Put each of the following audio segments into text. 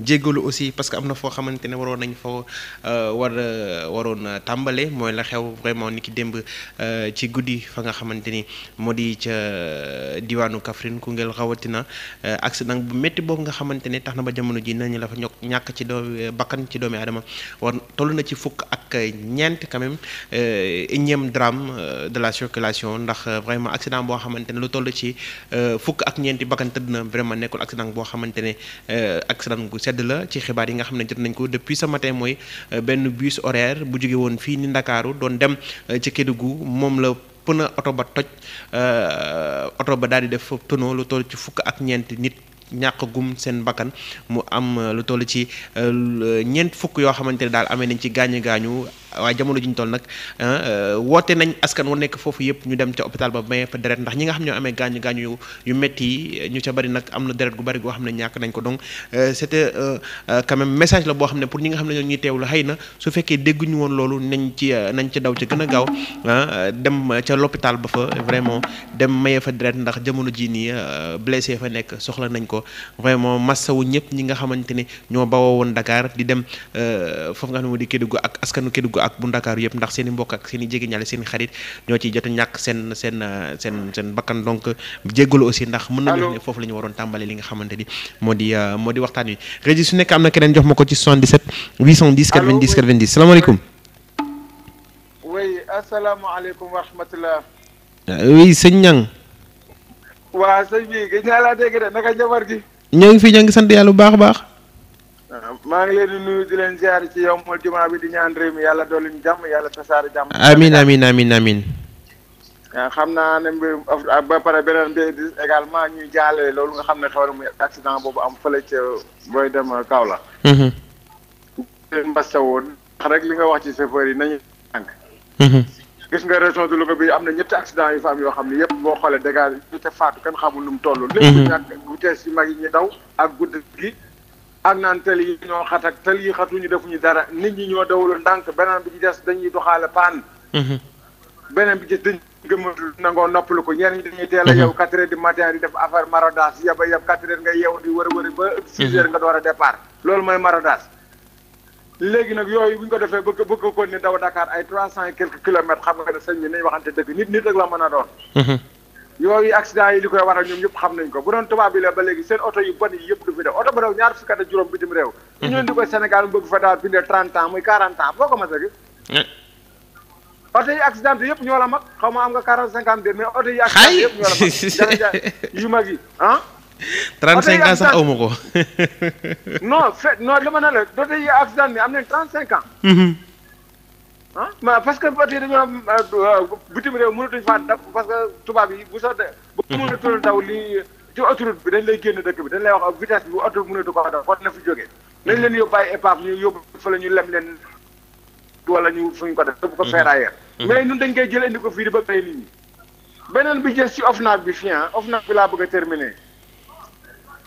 jéggalu aussi parce que am na foo xamante ne waroon nañ fa euh, war euh, waroon euh, tàmbale mooy la xew vraiment ni ki démb ci guddi fa nga xamante ni moo di ca diwaanu Kaffrine Koungheul rawatina accident bu metti boobu nga xamante ne tax na ba jamono ji nañu la fa ñokk ñàkk ci doomi bakkan ci doomi aadama war toll na ci fukk ak ñeent quand même énième drame de la circulation ndax vraiment accident boo xamante ne lu toll ci fukk ak ñeenti bakkan tëdd na vraiment nekkul accident boo xamante ne accident anam gu sedd la ci xibaar yi nga xam ne jot nañ ko depuis ce matin mooy euh, benn bus horaire bu jóge woon fii ni Ndakaaru doon dem euh, ci gu moom la pën a oto ba toj euh, oto ba dal di def tonneau lu toll ci fukk ak ñeenti nit ñàqagum seen bakkan mu am lu toll ci ñeent fukk yoo xamante ne daal amee nañ ci gaañu gaañu waaye jamono ji ñu toll nag ah, euh, woote nañ askan wu nekk foofu yëpp ñu dem ca hôpital ba maye fa deret ndax ñi nga xam ñoo amee gaañu gaañu yu métti yi ñu ca bari nag am na deret gu bari goo xam ne ñàkk nañ ko donc euh, c'était euh, quand message la boo xam ne pour ñi nga xam ne ñoo ñuy teewlu xëy na su fekkee dégguñu woon loolu nañ ci nañ ca daw ca gën a ah, dem ca l'hôpital ba fa vraiment dem maye fa deret ndax jamono ji nii blessé fa nekk soxla nañ ko vraiment wu ñëpp ñi nga xamante ne ñoo bawoo woon Dakar di dem foofu nga xam ne moo di Kédougou ak askanu Kédougou ko ak bu ndakaaru yëpp ndax seen i mbokk ak seen i jege ñaale seen i xarit ñoo ciy jot a ñàkk seen seen seen seen bakkan donc jéggalu aussi ndax mën nañu wax ne foofu la ñu waroon tàmbale li nga xamante di euh, moo di waxtaan wi régi su nekk am na keneen jox ma ko ci 77 810 90 90 wa rahmatulah oui sëñ Ñang waa sëñ bi gëj naa laa dégg de naka njabar gi ñoo ngi fi ñoo sant yàlla bu baax a baax maa ngi leen di nuyu di leen ziar ci bi di ñaan réew mi yàlla dolli ñu jàmm yàlla tasaare jàmm. amin amin amin amin waaw ah, xam naa ne mbir ah, ba pare beneen bi également ñuy jaale loolu nga xam ne xew na muy accident boobu am fële ca booy dem Kaolack. Mhm. leen mbastawoo ndax rek li nga wax ci chauffeur yi nañu tànk mhm. gis nga région de Louga bi am na ñetti accident yu fa am yoo xam ne yëpp boo xoolee dégâts yi te faatu kenn xamul nu mu toll mhm. lépp ñàkk vitesse yu mag yi ñu daw ak guddi gi ak naan tali yi ñoo xat ak tali yi ñu defuñu dara nit ñi ñoo dawul ndànk beneen bi ci des dañuy doxaale paan. Mhm. beneen bi ci des dañuy gëmmatul nangoo noppalu ko ñenn ñi dañuy teel a mhm. yow quatre heures du matin di def affaire maradas yaba yab quatre heures nga yeew di wër wër ba. six mhm. heures nga door a départ. loolu mooy maradas léegi nag yooyu bu ñu ko defee ba bëgg ko ni daw Dakar ay trois cent et quelques kilomètres xam nga ne sëñ bi nañ waxante dëgg nit nit rek la mën a doon. yooyu accident yi li koy waral ñoom ñëpp xam nañ ko bu doon tubaab bi la ba léegi seen oto yu bon yi yëpp du fi def oto ba daw ñaar fukki at juróom bitim réew mhm. ñu leen di Sénégal mu bëgg fa daal bindee trente ans quarante ans foo a gis eh. yi accident yëpp ñoo la mag xaw ma am nga quarante cinquante deux mais oto yi accident yëpp ñoo la mag jaa yu mag yi ah trente cinq ans sax awma ko non fait non dama ne la oto yi accident mi am nañ trente cinq ans mhm. ah parce que parti dañoo am euh, euh, bitim réew mënatuñ faa dab parce que tubaab yi bu soobee. bu mhm. mënatul daw lii ci autoroute bi dañ lay génn dëkk bi dañ lay wax vitesse bi bu autoroute ko daw war na fi jógee. Mhm. nañ leen yóbbu ay ñu yóbbu fa la ñu lem leen wala ñu fuñ ko def. yóbbu ko mhm. ferrailleur. mais ñun dañ koy jël indi ko fii di bëgg ay nit ñi. beneen bi jës ci OFNAC bi fii ah OFNAC bi laa bëgg a terminer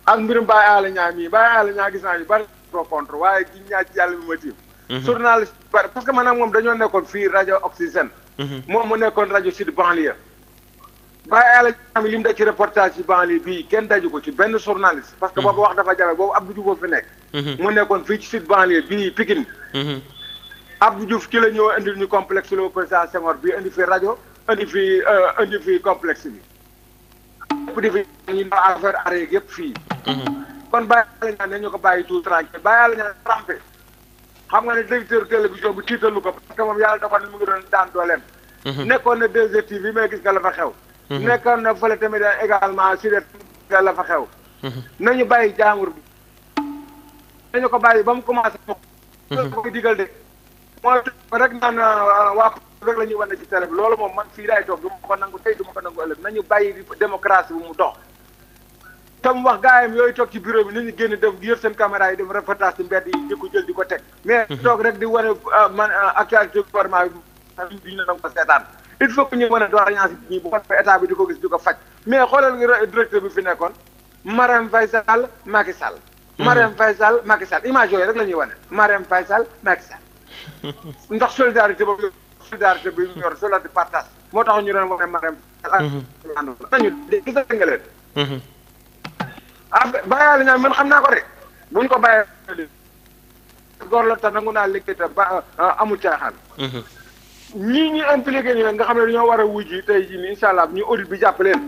ak mbirum Baye Alé Niang mii Baye Alé Niang gis contre waaye ci ñaar ci yàlla bi Mhm. journaliste parce que na moom dañoo nekkoon fi rajo Oxygène. Mhm. moom mu nekkoon rajo sud banlieue. bàyyi àll bi li mu def ci reportage ci banlieue bii kenn daju ko ci benn journaliste. parce que mhm. boobu wax dafa jafe boobu Abdou Diouf boo fi nekk. mu nekkoon fii ci sud banlieue bii Pikine. Abdou Diouf ci la ñëw indil ñu complexe le président Senghor bii indi fi rajo indi fi euh, indi fi bi. lépp di fi ñu affaire arrêt yëpp fii. kon bàyyi àll ñaan nañu ko bàyyi tout tranquille bàyyi àll ñaan trempé. xam nga ne directeur télévision bi tiitalu ko parce que moom yàlla dafa ne mu ngi doon daan dooleem. Mhm. nekkoon na 2STV bi mais gis nga la fa xew. Mhm. nekkoon na fële tamit également si de la fa xew. Mhm. nañu bàyyi jàngur bi. nañu ko bàyyi ba mu commencé. loolu koy digal de. mooy rek naan euh, waa rek la ñuy wane ci télé bi loolu moom man fii laay toog du ma ko nangu tey du ma ko nangu ëllëg nañu bàyyi démocratie bu mu dox. tam wax gaayam yooyu toog ci bureau bi nañu génn def yor seen caméra yi def reportage ci mbedd yi di ko jël di ko teg. mais mhm. toog rek di wane ah, man ah, actualité gouvernement bi ah, duñu la ko seetaan il faut que ñu mën a doléance bi bi di ko gis di ko faj mais xoolal directeur bi fi nekkoon Marème Faye Sall Macky Sall. Mhm. Marème Faye Sall Macky Sall image yooyu rek la ñuy wane Marème Faye Sall Macky Sall ndax solidarité boobu solidarité bi ñu yor solidarité partage moo tax ñu doon wane Marème Faye Sall. Mhm. ak ñu ah bàyyi la man xam naa ko de buñ ko bàyyee góor la te nangu naa liggéey te ba ah, amul caaxaan. Mhm. ñii ñi impliqué ñu nag nga xam ne dañoo war a wujji tey jii nii incha ñu audit bi jàpp leen.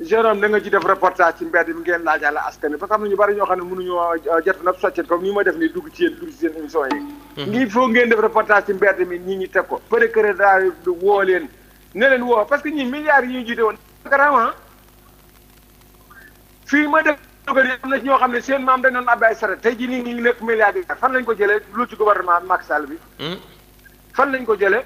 Jérôme da nga ci def reportage ci mbedd mi ngeen laaj àlla askan parce que am na ñu bari ñoo xam ne mënuñu ah, jot na soccet comme ni ma def ni dugg ci yéen dugg ci seen émission yi. Mhm. ngir foog ngeen def reportage ci mbedd mi ñi ñi teg ko. peut être que daal woo leen ne leen woo parce que ñi milliards yi ñu jiite woon. Ah. fii ma def dogal yi na ñoo xam ne seen maam dañu doon abbi ay saret tey jii nii ñu ngi nekk milliardaire fan lañ ko jëlee lu ci gouvernement Macky Sall bi. Hmm? fan lañ ko jëlee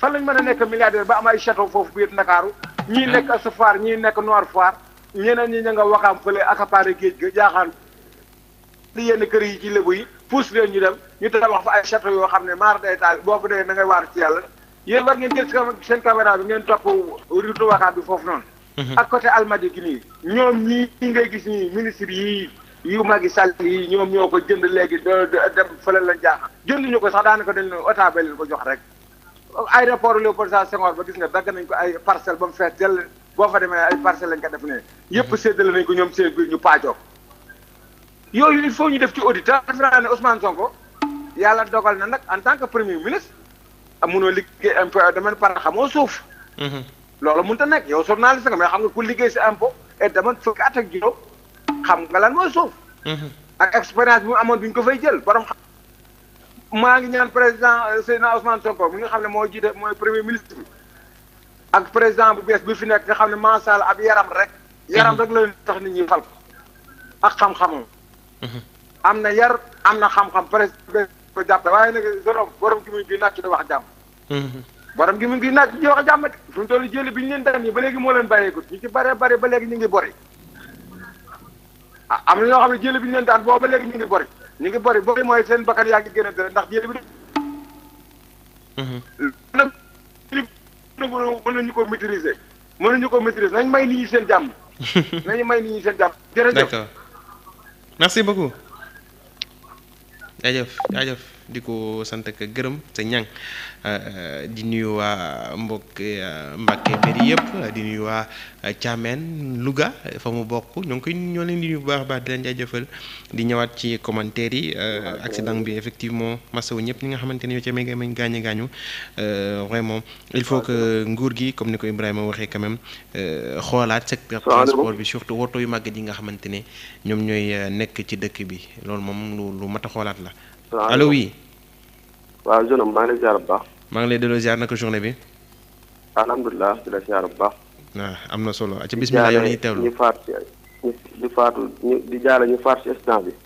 fan lañ mën a nekk milliardaire ba am ay château foofu biir Ndakaaru ñii nekk Assoufar hmm? ñii nekk Noir Foire ñeneen ñi ña nga waxaam fële accaparé géej ga jaaxaan li yenn kër yi ci lébu yi puus leen ñu dem ñu tabax fa ay château yoo xam ne maar day taal boo fa dee na ngay waar ci yàlla yéen war ngeen jël seen caméra bi ngeen topp foofu noonu Mhm. ak côté almadi gi nii ñoom ñii ngay gis nii ministre yii yu Macky Sall yi ñoom ñoo ko jënd léegi do dem fële la jaaxal jënduñu ko sax daanaka dañ leen otaa ba leen ko jox rek aéroport Léopold Sédar Senghor ba gis nga dagg nañ ko ay parcelle ba mu fees dell boo fa demee ay parcelle lañ ko def ne mhm. yëpp séddale nañ ko ñoom seen biir ñu paajoog yooyu il faut ñu def ci audit ah. defe naa ne Ousmane Sonko yàlla dogal na nag en tant que premier ministre amunoo liggéey impôt domaine par xamoo suuf mhm. loolu mun ta nekk yow journaliste nga mais xam nga ku liggéey si impôt et dama fukki at ak juróom xam nga lan mooy suuf. Mhm. ak expérience bi mu amoon duñ ko fay jël borom xam. maa ngi ñaan président euh, Seydina Ousmane Sonko mi nga xam ne moo jiite mooy premier ministre ak président bu bees bu fi nekk nga xam ne macha allah ab yaram rek. Mhm. yaram rek la tax nit ñi fal ko ak xam-xamam. Mhm. am na yar am na xam-xam presque ko waaye nag borom borom ki muy bi nàcc da wax jàmm. borom gi mu ngi naaj di wax jàmm fu mu toll jëli bi ñu leen daan yi ba léegi moo leen bàyyeegut ñu ci bare bare ba léegi ñu ngi bori ah, am na ñoo xam ne jëli bi ñu leen daan boo ba léegi ñu ngi bori ñu ngi bori bori mooy seen bakkan yaa ngi gën a dara ndax jëli bi mm-hmm. nag ñu ko maîtriser ñu ko maîtriser nañ may nit ñi seen jàmm nañu may nit ñi seen jàmm jërëjëf d'accord merci beaucoup jaajëf jaajëf di ko sant ak gërëm sa ñang euh, di nuyu waa mbokk euh, Mbàkke bari yëpp di nuyu waa euh, Thiamène Louga fa mu bokk ñoo ngi ñoo leen di nuyu bu baax baax di leen jaajëfal di ñëwaat ci commentaire yi accident bi effectivement masawu ñëpp ñi nga xamante ne ñoo ca méga mañ gaañu gaañu vraiment il faut que nguur gi comme ni ko Ibrahima waxee quand même xoolaat secteur transport bi surtout woto yu màgg yi nga xamante ne ñoom ñooy nekk ci dëkk bi loolu moom lu lu mat a xoolaat la waaw jeune am maa ngi lay ziar bu baax. maa ngi lay delloo ziar naka journée bi. alhamdulilah di la ziar bu baax. waaw ah, am na solo. ci bisimilah yow la ñuy teewlu di faat di faatu di jaale ñu faat si instant bi.